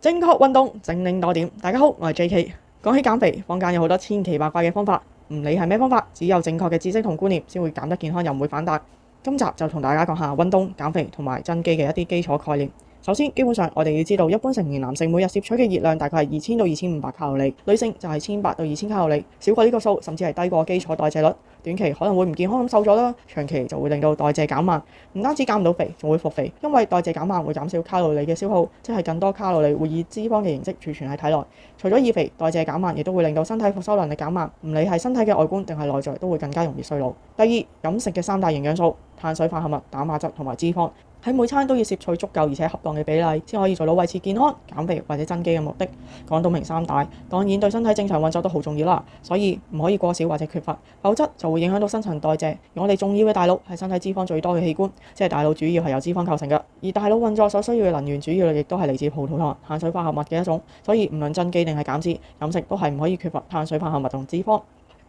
正確運動整領多點，大家好，我係 JK。講起減肥，坊間有好多千奇百怪嘅方法，唔理係咩方法，只有正確嘅知識同觀念，先會減得健康又唔會反彈。今集就同大家講下運動、減肥同埋增肌嘅一啲基礎概念。首先，基本上我哋要知道，一般成年男性每日攝取嘅熱量大概係二千到二千五百卡路里，女性就係千八到二千卡路里。少過呢個數，甚至係低過基礎代謝率，短期可能會唔健康咁瘦咗啦，長期就會令到代謝減慢，唔單止減唔到肥，仲會復肥，因為代謝減慢會減少卡路里嘅消耗，即係更多卡路里會以脂肪嘅形式儲存喺體內。除咗易肥，代謝減慢亦都會令到身體復修能力減慢，唔理係身體嘅外觀定係內在，都會更加容易衰老。第二，飲食嘅三大營養素：碳水化合物、蛋白質同埋脂肪。喺每餐都要攝取足夠而且恰當嘅比例，先可以做到維持健康、減肥或者增肌嘅目的。講到明三大，當然對身體正常運作都好重要啦，所以唔可以過少或者缺乏，否則就會影響到新陳代謝。我哋重要嘅大腦係身體脂肪最多嘅器官，即係大腦主要係由脂肪構成嘅，而大腦運作所需要嘅能源主要亦都係嚟自葡萄糖、碳水化合物嘅一種。所以唔論增肌定係減脂，飲食都係唔可以缺乏碳水化合物同脂肪。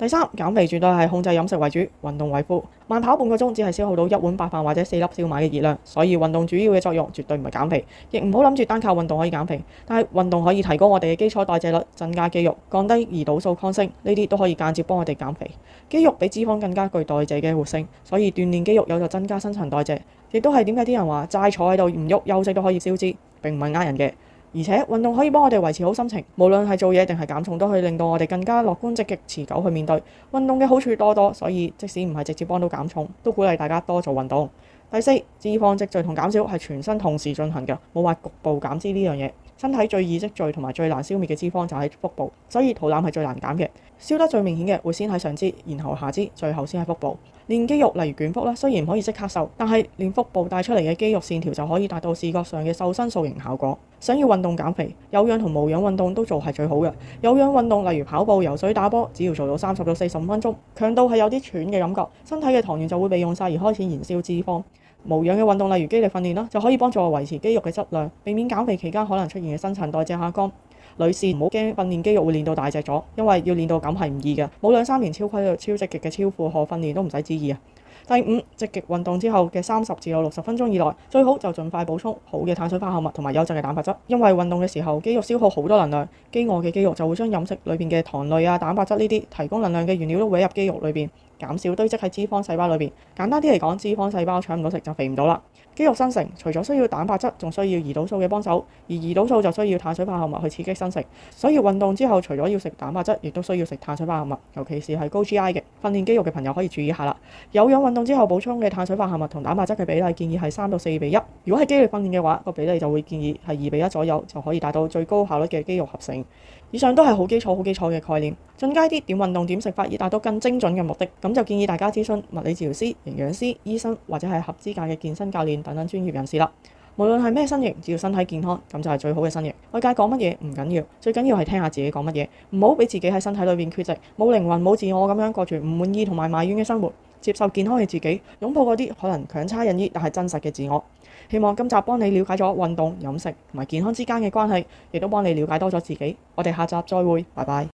第三，減肥絕對係控制飲食為主，運動為輔。慢跑半個鐘只係消耗到一碗白飯或者四粒燒賣嘅熱量，所以運動主要嘅作用絕對唔係減肥，亦唔好諗住單靠運動可以減肥。但係運動可以提高我哋嘅基礎代謝率，增加肌肉，降低胰島素抗性，呢啲都可以間接幫我哋減肥。肌肉比脂肪更加具代謝嘅活性，所以鍛煉肌肉有助增加新陳代謝，亦都係點解啲人話齋坐喺度唔喐休息都可以消脂，並唔係呃人嘅。而且運動可以幫我哋維持好心情，無論係做嘢定係減重，都可以令到我哋更加樂觀積極，持久去面對。運動嘅好處多多，所以即使唔係直接幫到減重，都鼓勵大家多做運動。第四，脂肪積聚同減少係全身同時進行嘅，冇話局部減脂呢樣嘢。身體最易積聚同埋最難消滅嘅脂肪就喺腹部，所以肚腩係最難減嘅。燒得最明顯嘅會先喺上肢，然後下肢，最後先喺腹部。練肌肉例如捲腹啦，雖然唔可以即刻瘦，但係練腹部帶出嚟嘅肌肉線條就可以達到視覺上嘅瘦身塑形效果。想要運動減肥，有氧同無氧運動都做係最好嘅。有氧運動例如跑步、游水、打波，只要做到三十到四十五分鐘，強度係有啲喘嘅感覺，身體嘅糖原就會被用晒，而開始燃燒脂肪。無氧嘅運動例如肌力訓練啦，就可以幫助我維持肌肉嘅質量，避免減肥期間可能出現嘅新陳代謝下降。女士唔好驚訓練肌肉會練到大隻咗，因為要練到咁係唔易嘅，冇兩三年超規律、超積極嘅超負荷訓練都唔使旨意啊！第五，積極運動之後嘅三十至到六十分鐘以內，最好就盡快補充好嘅碳水化合物同埋優質嘅蛋白質，因為運動嘅時候肌肉消耗好多能量，飢餓嘅肌肉就會將飲食裏邊嘅糖類啊、蛋白質呢啲提供能量嘅原料都搲入肌肉裏邊，減少堆積喺脂肪細胞裏邊。簡單啲嚟講，脂肪細胞搶唔到食就肥唔到啦。肌肉生成除咗需要蛋白質，仲需要胰島素嘅幫手，而胰島素就需要碳水化合物去刺激生成。所以運動之後除咗要食蛋白質，亦都需要食碳水化合物，尤其是係高 GI 嘅訓練肌肉嘅朋友可以注意下啦。有氧運動之後補充嘅碳水化合物同蛋白質嘅比例建議係三到四比一。如果係肌力訓練嘅話，個比例就會建議係二比一左右，就可以達到最高效率嘅肌肉合成。以上都係好基礎、好基礎嘅概念。進階啲點運動點食法，以達到更精準嘅目的，咁就建議大家諮詢物理治療師、營養師、醫生或者係合資格嘅健身教練等等專業人士啦。無論係咩身形，只要身體健康，咁就係最好嘅身形。外界講乜嘢唔緊要，最緊要係聽，聽下自己講乜嘢。唔好俾自己喺身體裏邊缺席，冇靈魂、冇自我咁樣過住唔滿意同埋埋怨嘅生活。接受健康嘅自己，擁抱嗰啲可能強差人意但係真實嘅自我。希望今集幫你了解咗運動、飲食同埋健康之間嘅關係，亦都幫你了解多咗自己。我哋下集再會，拜拜。